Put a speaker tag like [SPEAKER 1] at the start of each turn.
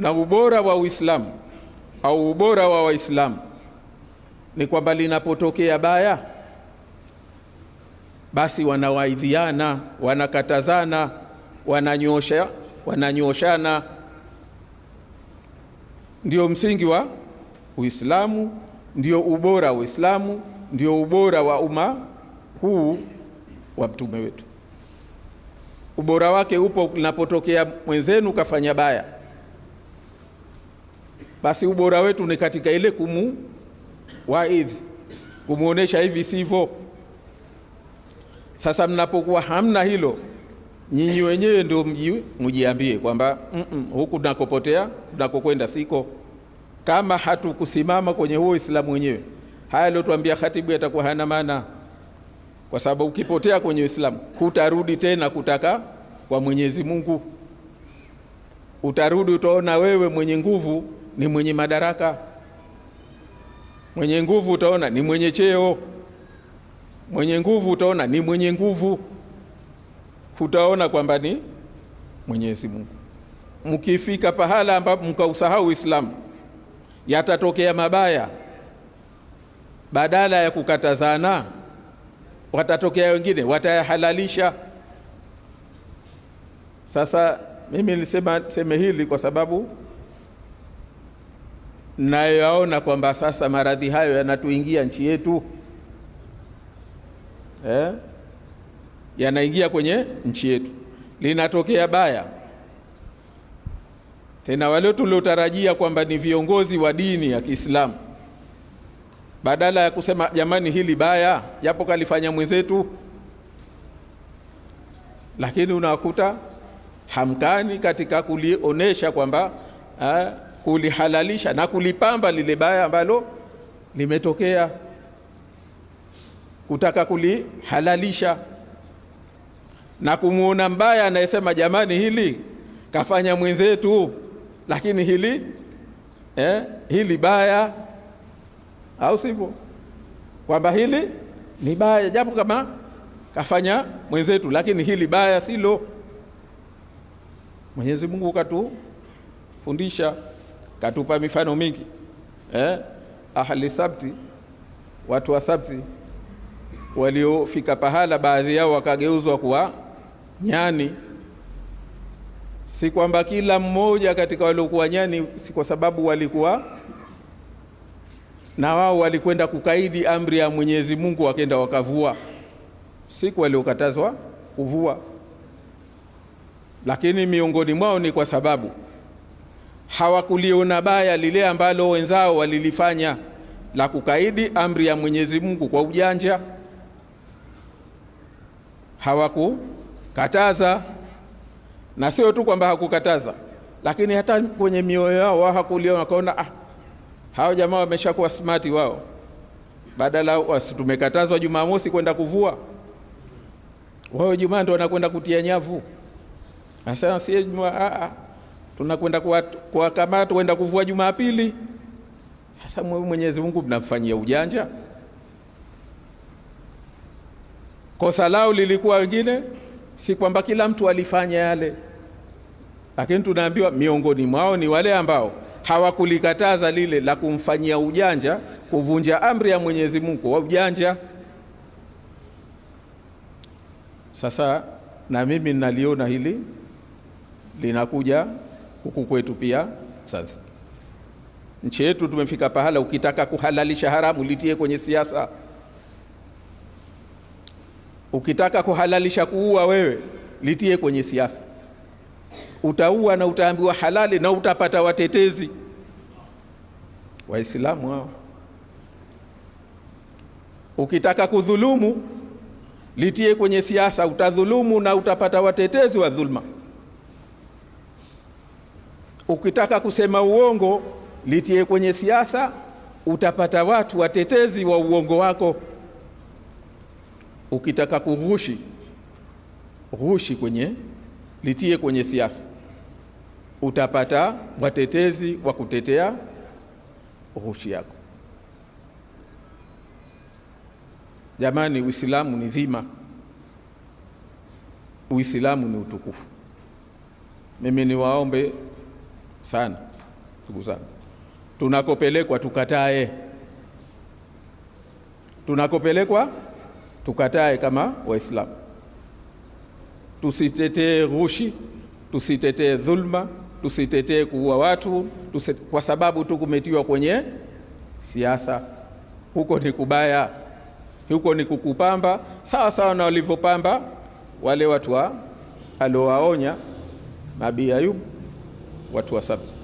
[SPEAKER 1] na ubora wa Uislamu au ubora wa Waislamu ni kwamba linapotokea baya, basi wanawaidhiana, wanakatazana, wananyosha, wananyoshana. Ndio msingi wa Uislamu, ndio ubora wa Uislamu, ndio ubora wa umma huu wa mtume wetu. Ubora wake upo linapotokea mwenzenu kafanya baya basi ubora wetu ni katika ile kumu waidhi kumuonesha hivi sivyo. Sasa mnapokuwa hamna hilo, nyinyi wenyewe ndio mjiambie kwamba mm -mm, huku nakopotea nakokwenda siko, kama hatukusimama kwenye huo Uislamu wenyewe. Haya aliyotuambia khatibu yatakuwa hana maana, kwa sababu ukipotea kwenye Uislamu hutarudi tena kutaka kwa Mwenyezi Mungu, utarudi utaona wewe mwenye nguvu ni mwenye madaraka, mwenye nguvu, utaona ni mwenye cheo, mwenye nguvu, utaona ni mwenye nguvu, utaona kwamba ni Mwenyezi Mungu. Mkifika pahala ambapo mkausahau Uislamu, yatatokea mabaya. Badala ya kukatazana, watatokea wengine watayahalalisha. Sasa mimi nilisema seme hili kwa sababu nayoyaona kwamba sasa maradhi hayo yanatuingia nchi yetu eh? yanaingia kwenye nchi yetu, linatokea baya tena. Wale tuliotarajia kwamba ni viongozi wa dini ya Kiislamu, badala ya kusema jamani, hili baya, japo kalifanya mwenzetu, lakini unakuta hamkani katika kulionesha kwamba eh, kulihalalisha na kulipamba lile baya ambalo limetokea, kutaka kulihalalisha na kumuona mbaya anayesema jamani, hili kafanya mwenzetu, lakini hili eh, hili baya, au sivyo? Kwamba hili ni baya, japo kama kafanya mwenzetu, lakini hili baya silo. Mwenyezi Mungu katufundisha katupa mifano mingi eh? Ahli sabti, watu wa sabti waliofika pahala baadhi yao wakageuzwa kuwa nyani. Si kwamba kila mmoja katika waliokuwa nyani, si kwa sababu walikuwa na wao walikwenda kukaidi amri ya Mwenyezi Mungu, wakenda wakavua siku waliokatazwa kuvua, lakini miongoni mwao ni kwa sababu hawakuliona baya lile ambalo wenzao walilifanya la kukaidi amri ya Mwenyezi Mungu kwa ujanja, hawakukataza. Na sio tu kwamba hakukataza, lakini hata kwenye mioyo yao wao hakuliona, wakaona ah, hao jamaa wameshakuwa smati wao, badala wasi tumekatazwa Jumamosi kwenda kuvua, wao Jumaa ndo wanakwenda kutia nyavu. Asema si Jumaa ah, ah tunakwenda kuwakamata, kwenda kuvua Jumapili. Sasa Mwenyezi Mungu mnamfanyia ujanja. Kosa lao lilikuwa wengine, si kwamba kila mtu alifanya yale, lakini tunaambiwa miongoni mwao ni wale ambao hawakulikataza lile la kumfanyia ujanja, kuvunja amri ya Mwenyezi Mungu wa ujanja. Sasa na mimi naliona hili linakuja huku kwetu pia. Sasa nchi yetu tumefika pahala, ukitaka kuhalalisha haramu litie kwenye siasa, ukitaka kuhalalisha kuua wewe litie kwenye siasa. Utaua na utaambiwa halali na utapata watetezi Waislamu hao. Ukitaka kudhulumu litie kwenye siasa, utadhulumu na utapata watetezi wa dhulma. Ukitaka kusema uongo litie kwenye siasa, utapata watu watetezi wa uongo wako. Ukitaka kughushi ghushi kwenye litie kwenye siasa, utapata watetezi wa kutetea ghushi yako. Jamani, Uislamu ni dhima, Uislamu ni utukufu. Mimi niwaombe sana ndugu zangu, tunakopelekwa tukatae, tunakopelekwa tukatae kama Waislamu, tusitetee rushi, tusitetee dhulma, tusitetee kuua watu tusitete, kwa sababu tu kumetiwa kwenye siasa. Huko ni kubaya, huko ni kukupamba sawa sawa na walivyopamba wale watu aliowaonya Nabii Ayubu. watu wa up?